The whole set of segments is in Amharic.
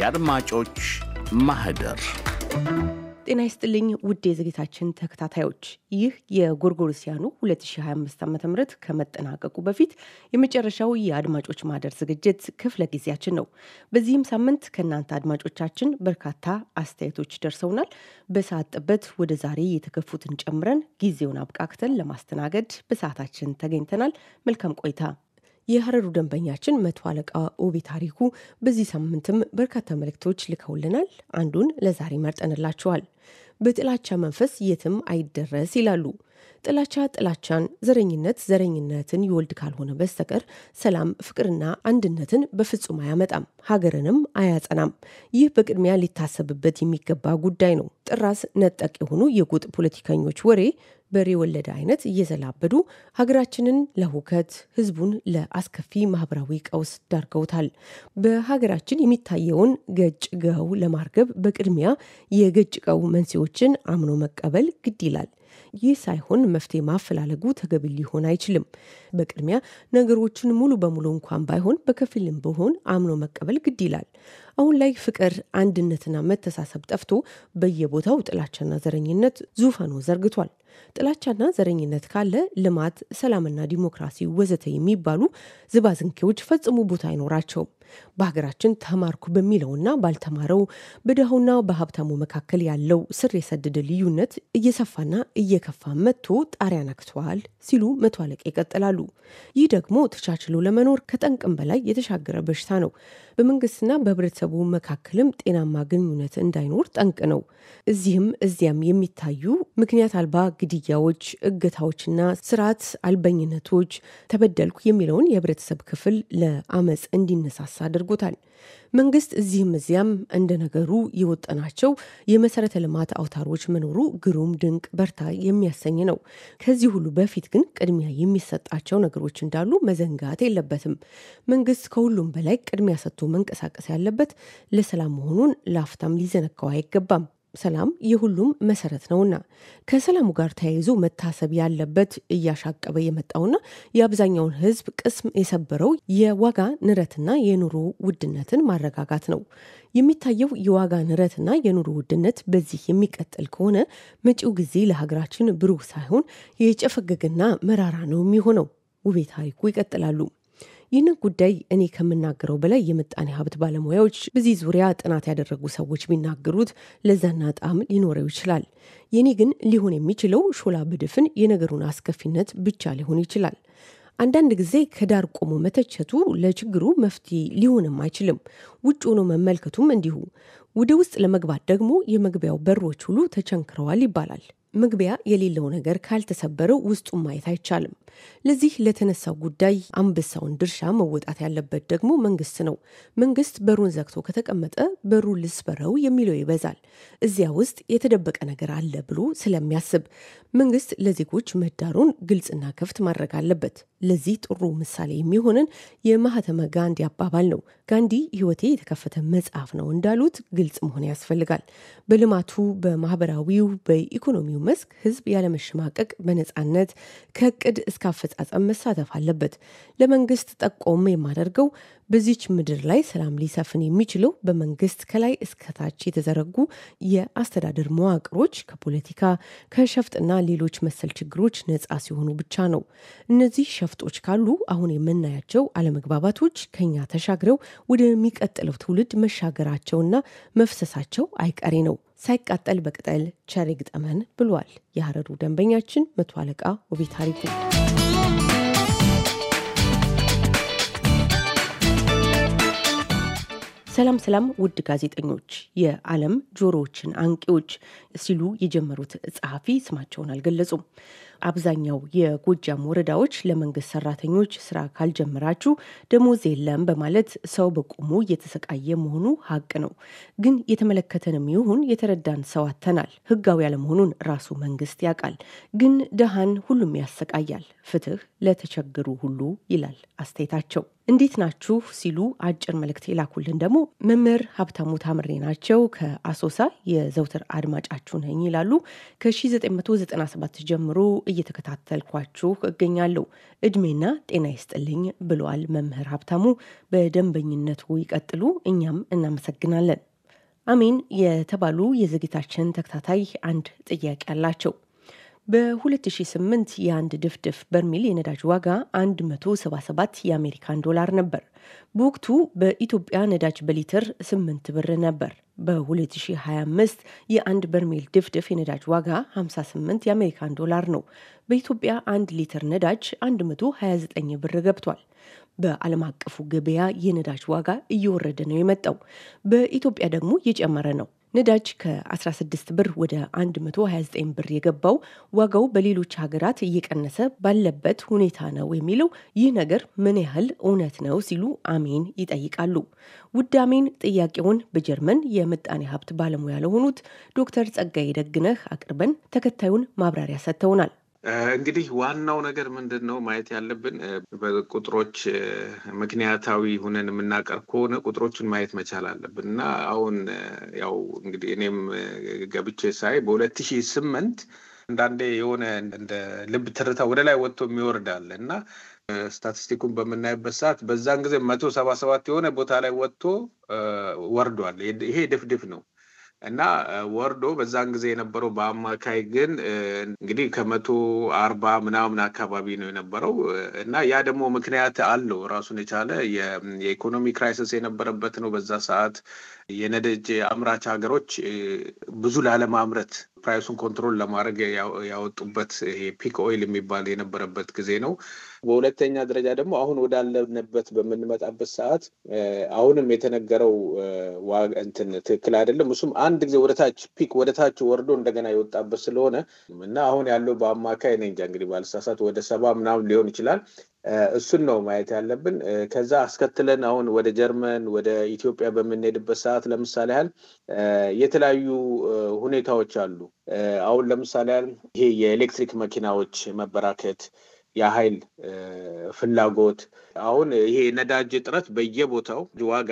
የአድማጮች ማህደር ጤና ይስጥልኝ ውድ የዝግታችን ተከታታዮች፣ ይህ የጎርጎርሲያኑ 2025 ዓ ም ከመጠናቀቁ በፊት የመጨረሻው የአድማጮች ማህደር ዝግጅት ክፍለ ጊዜያችን ነው። በዚህም ሳምንት ከእናንተ አድማጮቻችን በርካታ አስተያየቶች ደርሰውናል። በሰዓት ጥበት ወደ ዛሬ የተከፉትን ጨምረን ጊዜውን አብቃክተን ለማስተናገድ በሰዓታችን ተገኝተናል። መልካም ቆይታ። የሀረሩ ደንበኛችን መቶ አለቃ ኦቤ ታሪኩ በዚህ ሳምንትም በርካታ መልእክቶች ልከውልናል። አንዱን ለዛሬ መርጠንላችኋል። በጥላቻ መንፈስ የትም አይደረስ ይላሉ። ጥላቻ ጥላቻን፣ ዘረኝነት ዘረኝነትን ይወልድ ካልሆነ በስተቀር ሰላም፣ ፍቅርና አንድነትን በፍጹም አያመጣም፣ ሀገርንም አያጸናም። ይህ በቅድሚያ ሊታሰብበት የሚገባ ጉዳይ ነው። ጥራስ ነጠቅ የሆኑ የጉጥ ፖለቲከኞች ወሬ በሬ ወለደ አይነት እየዘላበዱ ሀገራችንን ለሁከት ህዝቡን ለአስከፊ ማህበራዊ ቀውስ ዳርገውታል። በሀገራችን የሚታየውን ገጭ ገው ለማርገብ በቅድሚያ የገጭ ቀው መንስኤዎችን አምኖ መቀበል ግድ ይላል። ይህ ሳይሆን መፍትሄ ማፈላለጉ ተገቢ ሊሆን አይችልም። በቅድሚያ ነገሮችን ሙሉ በሙሉ እንኳን ባይሆን በከፊልም ብሆን አምኖ መቀበል ግድ ይላል። አሁን ላይ ፍቅር፣ አንድነትና መተሳሰብ ጠፍቶ በየቦታው ጥላቻና ዘረኝነት ዙፋኑ ዘርግቷል። ጥላቻና ዘረኝነት ካለ ልማት፣ ሰላምና ዲሞክራሲ ወዘተ የሚባሉ ዝባዝንኬዎች ፈጽሞ ቦታ አይኖራቸውም። በሀገራችን ተማርኩ በሚለውና ባልተማረው በድሃውና በሀብታሙ መካከል ያለው ስር የሰደደ ልዩነት እየሰፋና እየከፋ መጥቶ ጣሪያ ነክተዋል ሲሉ መቶ አለቃ ይቀጥላሉ። ይህ ደግሞ ተቻችሎ ለመኖር ከጠንቅም በላይ የተሻገረ በሽታ ነው። በመንግስትና በህብረተሰቡ መካከልም ጤናማ ግንኙነት እንዳይኖር ጠንቅ ነው። እዚህም እዚያም የሚታዩ ምክንያት አልባ ግድያዎች፣ እገታዎችና ስርዓት አልበኝነቶች ተበደልኩ የሚለውን የህብረተሰብ ክፍል ለአመፅ እንዲነሳሳ አድርጎታል። መንግስት እዚህም እዚያም እንደ ነገሩ የወጠናቸው የመሰረተ ልማት አውታሮች መኖሩ ግሩም ድንቅ በርታ የሚያሰኝ ነው። ከዚህ ሁሉ በፊት ግን ቅድሚያ የሚሰጣቸው ነገሮች እንዳሉ መዘንጋት የለበትም። መንግስት ከሁሉም በላይ ቅድሚያ ሰጥቶ መንቀሳቀስ ያለበት ለሰላም መሆኑን ላፍታም ሊዘነጋው አይገባም። ሰላም የሁሉም መሰረት ነውና ከሰላሙ ጋር ተያይዞ መታሰብ ያለበት እያሻቀበ የመጣውና የአብዛኛውን ሕዝብ ቅስም የሰበረው የዋጋ ንረትና የኑሮ ውድነትን ማረጋጋት ነው። የሚታየው የዋጋ ንረትና የኑሮ ውድነት በዚህ የሚቀጥል ከሆነ መጪው ጊዜ ለሀገራችን ብሩህ ሳይሆን የጨፈገግና መራራ ነው የሚሆነው። ውቤ ታሪኩ ይቀጥላሉ። ይህንን ጉዳይ እኔ ከምናገረው በላይ የምጣኔ ሀብት ባለሙያዎች በዚህ ዙሪያ ጥናት ያደረጉ ሰዎች ቢናገሩት ለዛና ጣዕም ሊኖረው ይችላል። የኔ ግን ሊሆን የሚችለው ሾላ በድፍን የነገሩን አስከፊነት ብቻ ሊሆን ይችላል። አንዳንድ ጊዜ ከዳር ቆሞ መተቸቱ ለችግሩ መፍትሄ ሊሆንም አይችልም። ውጭ ሆኖ መመልከቱም እንዲሁ። ወደ ውስጥ ለመግባት ደግሞ የመግቢያው በሮች ሁሉ ተቸንክረዋል ይባላል። መግቢያ የሌለው ነገር ካልተሰበረው ውስጡን ማየት አይቻልም። ለዚህ ለተነሳው ጉዳይ አንበሳውን ድርሻ መወጣት ያለበት ደግሞ መንግስት ነው። መንግስት በሩን ዘግቶ ከተቀመጠ በሩ ልስበረው የሚለው ይበዛል። እዚያ ውስጥ የተደበቀ ነገር አለ ብሎ ስለሚያስብ መንግስት ለዜጎች ምህዳሩን ግልጽና ክፍት ማድረግ አለበት። ለዚህ ጥሩ ምሳሌ የሚሆንን የማህተመ ጋንዲ አባባል ነው። ጋንዲ ህይወቴ የተከፈተ መጽሐፍ ነው እንዳሉት ግልጽ መሆን ያስፈልጋል። በልማቱ፣ በማህበራዊው፣ በኢኮኖሚው መስክ ህዝብ ያለመሸማቀቅ በነፃነት ከእቅድ እስከ አፈጻጸም መሳተፍ አለበት። ለመንግስት ጠቆም የማደርገው በዚች ምድር ላይ ሰላም ሊሰፍን የሚችለው በመንግስት ከላይ እስከታች የተዘረጉ የአስተዳደር መዋቅሮች ከፖለቲካ ከሸፍጥና ሌሎች መሰል ችግሮች ነፃ ሲሆኑ ብቻ ነው። እነዚህ ሸፍጦች ካሉ አሁን የምናያቸው አለመግባባቶች ከኛ ተሻግረው ወደሚቀጥለው ትውልድ መሻገራቸውና መፍሰሳቸው አይቀሬ ነው። ሳይቃጠል በቅጠል ቸር ይግጠመን ብሏል የሀረሩ ደንበኛችን መቶ አለቃ ውቤ ታሪኩ። ሰላም ሰላም፣ ውድ ጋዜጠኞች፣ የዓለም ጆሮዎችን አንቂዎች ሲሉ የጀመሩት ጸሐፊ ስማቸውን አልገለጹም። አብዛኛው የጎጃም ወረዳዎች ለመንግስት ሰራተኞች ስራ ካልጀመራችሁ ደሞዝ የለም በማለት ሰው በቁሙ እየተሰቃየ መሆኑ ሀቅ ነው። ግን የተመለከተንም ይሁን የተረዳን ሰው አተናል። ህጋዊ ያለመሆኑን ራሱ መንግስት ያውቃል። ግን ደሃን ሁሉም ያሰቃያል። ፍትህ ለተቸገሩ ሁሉ ይላል አስተያየታቸው። እንዴት ናችሁ ሲሉ አጭር መልእክት የላኩልን ደግሞ መምህር ሀብታሙ ታምሬ ናቸው። ከአሶሳ የዘውትር አድማጫችሁ ነኝ ይላሉ። ከ1997 ጀምሮ እየተከታተልኳችሁ እገኛለሁ። እድሜና ጤና ይስጥልኝ ብለዋል መምህር ሀብታሙ። በደንበኝነቱ ይቀጥሉ፣ እኛም እናመሰግናለን። አሜን የተባሉ የዝግጅታችን ተከታታይ አንድ ጥያቄ አላቸው። በ2008 የአንድ ድፍድፍ በርሜል የነዳጅ ዋጋ 177 የአሜሪካን ዶላር ነበር። በወቅቱ በኢትዮጵያ ነዳጅ በሊትር 8 ብር ነበር። በ2025 የአንድ በርሜል ድፍድፍ የነዳጅ ዋጋ 58 የአሜሪካን ዶላር ነው። በኢትዮጵያ አንድ ሊትር ነዳጅ 129 ብር ገብቷል። በዓለም አቀፉ ገበያ የነዳጅ ዋጋ እየወረደ ነው የመጣው። በኢትዮጵያ ደግሞ እየጨመረ ነው። ነዳጅ ከ16 ብር ወደ 129 ብር የገባው ዋጋው በሌሎች ሀገራት እየቀነሰ ባለበት ሁኔታ ነው የሚለው ይህ ነገር ምን ያህል እውነት ነው ሲሉ አሜን ይጠይቃሉ። ውድ አሜን ጥያቄውን በጀርመን የምጣኔ ሀብት ባለሙያ ለሆኑት ዶክተር ጸጋዬ ደግነህ አቅርበን ተከታዩን ማብራሪያ ሰጥተውናል። እንግዲህ ዋናው ነገር ምንድን ነው ማየት ያለብን፣ በቁጥሮች ምክንያታዊ ሁነን የምናቀር ከሆነ ቁጥሮችን ማየት መቻል አለብን እና አሁን ያው እንግዲህ እኔም ገብቼ ሳይ በሁለት ሺህ ስምንት አንዳንዴ የሆነ እንደ ልብ ትርታ ወደ ላይ ወጥቶ የሚወርዳል እና ስታቲስቲኩን በምናይበት ሰዓት በዛን ጊዜ መቶ ሰባ ሰባት የሆነ ቦታ ላይ ወጥቶ ወርዷል። ይሄ ድፍድፍ ነው። እና ወርዶ በዛን ጊዜ የነበረው በአማካይ ግን እንግዲህ ከመቶ አርባ ምናምን አካባቢ ነው የነበረው እና ያ ደግሞ ምክንያት አለው ራሱን የቻለ የኢኮኖሚ ክራይሲስ የነበረበት ነው። በዛ ሰዓት የነደጅ አምራች ሀገሮች ብዙ ላለማምረት ፕራይሱን ኮንትሮል ለማድረግ ያወጡበት ይሄ ፒክ ኦይል የሚባል የነበረበት ጊዜ ነው። በሁለተኛ ደረጃ ደግሞ አሁን ወዳለንበት በምንመጣበት ሰዓት አሁንም የተነገረው ዋጋ እንትን ትክክል አይደለም። እሱም አንድ ጊዜ ወደታች ፒክ ወደታች ወርዶ እንደገና የወጣበት ስለሆነ እና አሁን ያለው በአማካይ እኔ እንጃ እንግዲህ ባልሳሳት ወደ ሰባ ምናምን ሊሆን ይችላል እሱን ነው ማየት ያለብን። ከዛ አስከትለን አሁን ወደ ጀርመን ወደ ኢትዮጵያ በምንሄድበት ሰዓት ለምሳሌ ያህል የተለያዩ ሁኔታዎች አሉ። አሁን ለምሳሌ ያህል ይሄ የኤሌክትሪክ መኪናዎች መበራከት የኃይል ፍላጎት አሁን ይሄ ነዳጅ እጥረት በየቦታው ዋጋ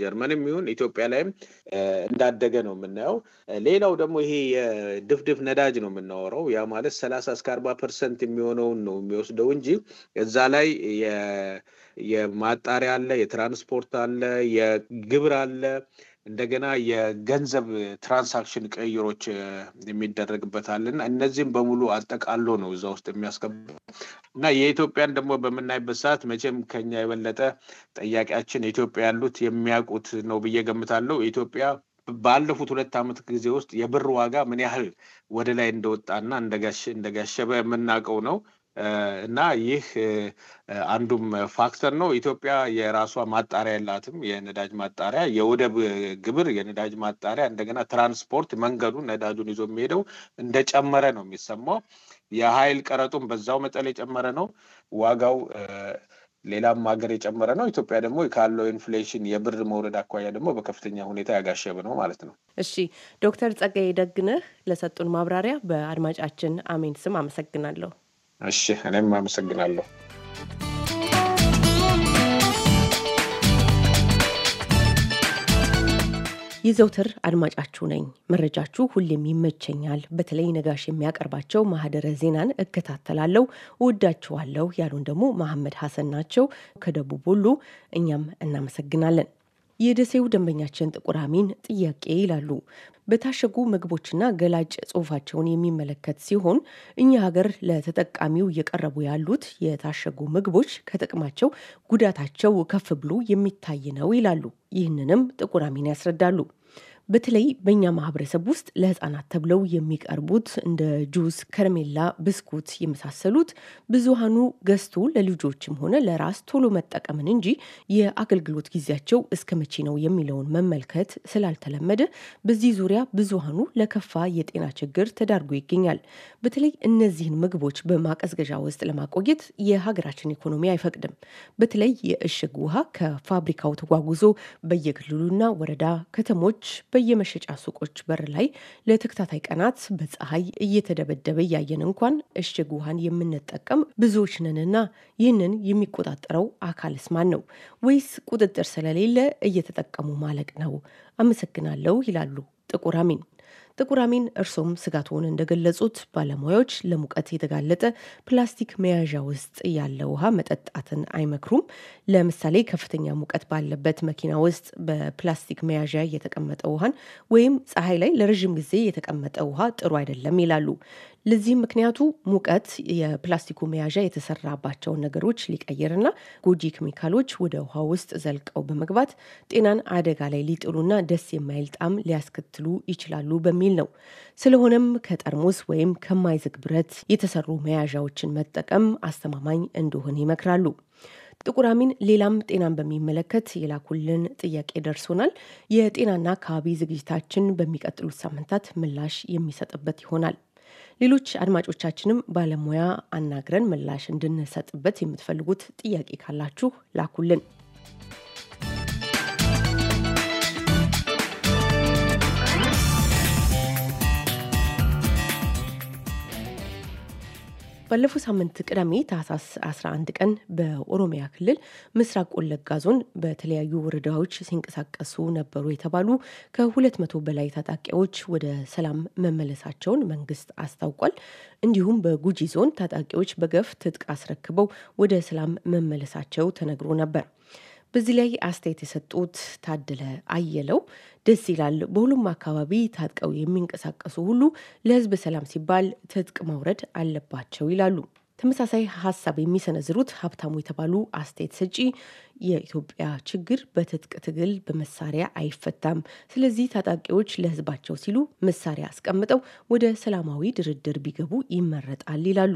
ጀርመንም ይሁን ኢትዮጵያ ላይም እንዳደገ ነው የምናየው። ሌላው ደግሞ ይሄ የድፍድፍ ነዳጅ ነው የምናወራው። ያ ማለት ሰላሳ እስከ አርባ ፐርሰንት የሚሆነውን ነው የሚወስደው እንጂ እዛ ላይ የማጣሪያ አለ፣ የትራንስፖርት አለ፣ የግብር አለ እንደገና የገንዘብ ትራንሳክሽን ቅይሮች የሚደረግበታልና እነዚህም በሙሉ አጠቃሎ ነው እዛ ውስጥ የሚያስገባ እና የኢትዮጵያን ደግሞ በምናይበት ሰዓት መቼም ከኛ የበለጠ ጠያቂያችን ኢትዮጵያ ያሉት የሚያውቁት ነው ብዬ ገምታለሁ። ኢትዮጵያ ባለፉት ሁለት ዓመት ጊዜ ውስጥ የብር ዋጋ ምን ያህል ወደ ላይ እንደወጣና እንደጋሸበ የምናውቀው ነው። እና ይህ አንዱም ፋክተር ነው። ኢትዮጵያ የራሷ ማጣሪያ የላትም። የነዳጅ ማጣሪያ፣ የወደብ ግብር፣ የነዳጅ ማጣሪያ፣ እንደገና ትራንስፖርት መንገዱን ነዳጁን ይዞ የሚሄደው እንደጨመረ ነው የሚሰማው። የኃይል ቀረጡም በዛው መጠን የጨመረ ነው። ዋጋው ሌላም ሀገር የጨመረ ነው። ኢትዮጵያ ደግሞ ካለው ኢንፍሌሽን የብር መውረድ አኳያ ደግሞ በከፍተኛ ሁኔታ ያጋሸበ ነው ማለት ነው። እሺ ዶክተር ጸጋዬ ደግነህ ለሰጡን ማብራሪያ በአድማጫችን አሜን ስም አመሰግናለሁ። እሺ፣ እኔም አመሰግናለሁ። የዘውትር አድማጫችሁ ነኝ። መረጃችሁ ሁሌም ይመቸኛል። በተለይ ነጋሽ የሚያቀርባቸው ማህደረ ዜናን እከታተላለሁ፣ ውዳችኋለሁ ያሉን ደግሞ መሐመድ ሀሰን ናቸው ከደቡብ ሁሉ እኛም እናመሰግናለን። የደሴው ደንበኛችን ጥቁር አሚን ጥያቄ ይላሉ። በታሸጉ ምግቦችና ገላጭ ጽሁፋቸውን የሚመለከት ሲሆን እኛ ሀገር ለተጠቃሚው እየቀረቡ ያሉት የታሸጉ ምግቦች ከጥቅማቸው ጉዳታቸው ከፍ ብሎ የሚታይ ነው ይላሉ። ይህንንም ጥቁር አሚን ያስረዳሉ። በተለይ በእኛ ማህበረሰብ ውስጥ ለህፃናት ተብለው የሚቀርቡት እንደ ጁስ፣ ከረሜላ፣ ብስኩት የመሳሰሉት ብዙሃኑ ገዝቶ ለልጆችም ሆነ ለራስ ቶሎ መጠቀምን እንጂ የአገልግሎት ጊዜያቸው እስከ መቼ ነው የሚለውን መመልከት ስላልተለመደ በዚህ ዙሪያ ብዙሃኑ ለከፋ የጤና ችግር ተዳርጎ ይገኛል። በተለይ እነዚህን ምግቦች በማቀዝቀዣ ውስጥ ለማቆየት የሀገራችን ኢኮኖሚ አይፈቅድም። በተለይ የእሽግ ውሃ ከፋብሪካው ተጓጉዞ በየክልሉና ወረዳ ከተሞች በየመሸጫ ሱቆች በር ላይ ለተከታታይ ቀናት በፀሐይ እየተደበደበ እያየን እንኳን እሽግ ውሃን የምንጠቀም ብዙዎች ነንና ይህንን የሚቆጣጠረው አካልስ ማን ነው? ወይስ ቁጥጥር ስለሌለ እየተጠቀሙ ማለቅ ነው? አመሰግናለሁ ይላሉ ጥቁር አሚን ጥቁር አሚን እርሶም ስጋትን እንደገለጹት ባለሙያዎች ለሙቀት የተጋለጠ ፕላስቲክ መያዣ ውስጥ ያለ ውሃ መጠጣትን አይመክሩም። ለምሳሌ ከፍተኛ ሙቀት ባለበት መኪና ውስጥ በፕላስቲክ መያዣ የተቀመጠ ውሃን ወይም ፀሐይ ላይ ለረዥም ጊዜ የተቀመጠ ውሃ ጥሩ አይደለም ይላሉ። ለዚህም ምክንያቱ ሙቀት የፕላስቲኩ መያዣ የተሰራባቸውን ነገሮች ሊቀይርና ጎጂ ኬሚካሎች ወደ ውሃ ውስጥ ዘልቀው በመግባት ጤናን አደጋ ላይ ሊጥሉና ደስ የማይል ጣዕም ሊያስከትሉ ይችላሉ በሚል ነው። ስለሆነም ከጠርሙስ ወይም ከማይዝግ ብረት የተሰሩ መያዣዎችን መጠቀም አስተማማኝ እንደሆነ ይመክራሉ። ጥቁር አሚን ሌላም ጤናን በሚመለከት የላኩልን ጥያቄ ደርሶናል። የጤናና አካባቢ ዝግጅታችን በሚቀጥሉት ሳምንታት ምላሽ የሚሰጥበት ይሆናል። ሌሎች አድማጮቻችንም ባለሙያ አናግረን ምላሽ እንድንሰጥበት የምትፈልጉት ጥያቄ ካላችሁ ላኩልን። ባለፈው ሳምንት ቅዳሜ ታህሳስ 11 ቀን በኦሮሚያ ክልል ምስራቅ ወለጋ ዞን በተለያዩ ወረዳዎች ሲንቀሳቀሱ ነበሩ የተባሉ ከ200 በላይ ታጣቂዎች ወደ ሰላም መመለሳቸውን መንግስት አስታውቋል። እንዲሁም በጉጂ ዞን ታጣቂዎች በገፍ ትጥቅ አስረክበው ወደ ሰላም መመለሳቸው ተነግሮ ነበር። በዚህ ላይ አስተያየት የሰጡት ታደለ አየለው ደስ ይላል። በሁሉም አካባቢ ታጥቀው የሚንቀሳቀሱ ሁሉ ለህዝብ ሰላም ሲባል ትጥቅ ማውረድ አለባቸው ይላሉ። ተመሳሳይ ሀሳብ የሚሰነዝሩት ሀብታሙ የተባሉ አስተያየት ሰጪ የኢትዮጵያ ችግር በትጥቅ ትግል በመሳሪያ አይፈታም፣ ስለዚህ ታጣቂዎች ለህዝባቸው ሲሉ መሳሪያ አስቀምጠው ወደ ሰላማዊ ድርድር ቢገቡ ይመረጣል ይላሉ።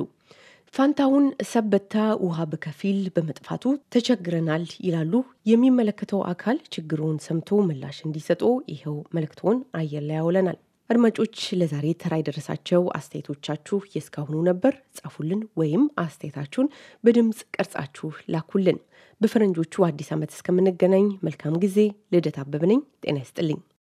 ፋንታውን ሰበታ ውሃ በከፊል በመጥፋቱ ተቸግረናል ይላሉ። የሚመለከተው አካል ችግሩን ሰምቶ ምላሽ እንዲሰጡ ይኸው መልእክቶን አየር ላይ ያውለናል። አድማጮች ለዛሬ ተራ የደረሳቸው አስተያየቶቻችሁ የእስካሁኑ ነበር። ጻፉልን ወይም አስተያየታችሁን በድምፅ ቀርጻችሁ ላኩልን። በፈረንጆቹ አዲስ ዓመት እስከምንገናኝ መልካም ጊዜ። ልደት አበበ ነኝ። ጤና ይስጥልኝ።